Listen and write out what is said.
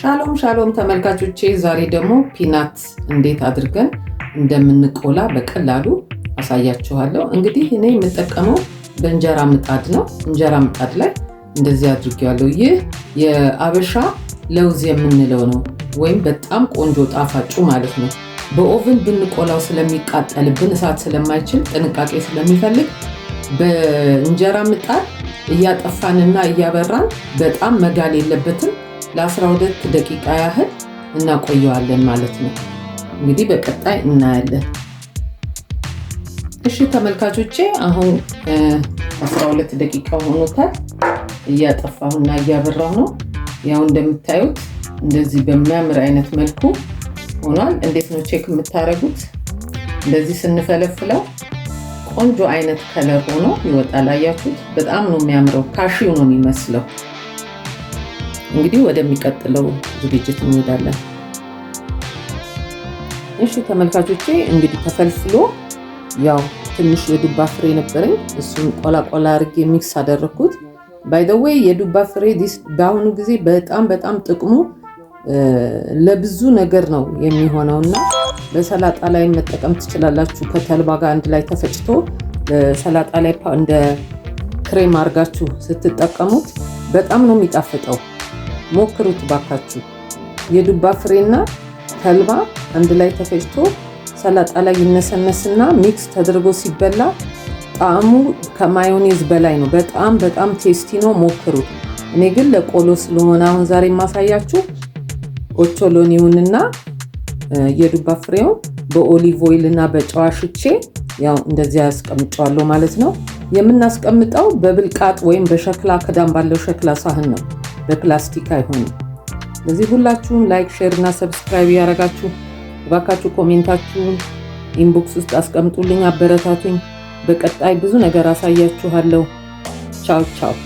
ሻሎም ሻሎም ተመልካቾቼ፣ ዛሬ ደግሞ ፒናት እንዴት አድርገን እንደምንቆላ በቀላሉ አሳያችኋለሁ። እንግዲህ እኔ የምጠቀመው በእንጀራ ምጣድ ነው። እንጀራ ምጣድ ላይ እንደዚህ አድርጌዋለሁ። ይህ የአበሻ ለውዝ የምንለው ነው፣ ወይም በጣም ቆንጆ ጣፋጩ ማለት ነው። በኦቭን ብንቆላው ስለሚቃጠልብን እሳት ስለማይችል ጥንቃቄ ስለሚፈልግ በእንጀራ ምጣድ እያጠፋንና እያበራን በጣም መጋል የለበትም። ለ12 ደቂቃ ያህል እናቆየዋለን ማለት ነው። እንግዲህ በቀጣይ እናያለን። እሺ ተመልካቾቼ አሁን 12 ደቂቃ ሆኖታል። ና እያበራሁ ነው። ያው እንደምታዩት እንደዚህ በሚያምር አይነት መልኩ ሆኗል። እንዴት ነው ቼክ የምታደርጉት? እንደዚህ ስንፈለፍለው ቆንጆ አይነት ከለር ሆኖ ይወጣል። አያችሁት? በጣም ነው የሚያምረው። ካሽው ነው የሚመስለው። እንግዲህ ወደሚቀጥለው ዝግጅት እንሄዳለን። እሺ ተመልካቾቼ እንግዲህ ተፈልፍሎ ያው ትንሽ የዱባ ፍሬ ነበረኝ። እሱን ቆላቆላ አድርጌ ሚክስ አደረግኩት። ባይደዌይ የዱባ ፍሬ በአሁኑ ጊዜ በጣም በጣም ጥቅሙ ለብዙ ነገር ነው የሚሆነው እና በሰላጣ ላይ መጠቀም ትችላላችሁ። ከተልባ ጋር አንድ ላይ ተፈጭቶ ሰላጣ ላይ እንደ ክሬም አድርጋችሁ ስትጠቀሙት በጣም ነው የሚጣፍጠው። ሞክሩት ባካችሁ። የዱባ ፍሬና ተልባ አንድ ላይ ተፈጭቶ ሰላጣ ላይ ይነሰነስና ሚክስ ተደርጎ ሲበላ ጣዕሙ ከማዮኔዝ በላይ ነው። በጣም በጣም ቴስቲ ነው፣ ሞክሩት። እኔ ግን ለቆሎ ስለሆነ አሁን ዛሬ የማሳያችሁ ኦቾሎኒውንና የዱባ ፍሬውን በኦሊቭ ኦይል እና በጨው ያው እንደዚያ ያስቀምጫዋለሁ ማለት ነው። የምናስቀምጠው በብልቃጥ ወይም በሸክላ ክዳን ባለው ሸክላ ሳህን ነው። በፕላስቲክ አይሆንም። ለዚህ ሁላችሁም ላይክ፣ ሼር እና ሰብስክራይብ ያደረጋችሁ እባካችሁ ኮሜንታችሁን ኢንቦክስ ውስጥ አስቀምጡልኝ፣ አበረታቱኝ። በቀጣይ ብዙ ነገር አሳያችኋለሁ። ቻው ቻው።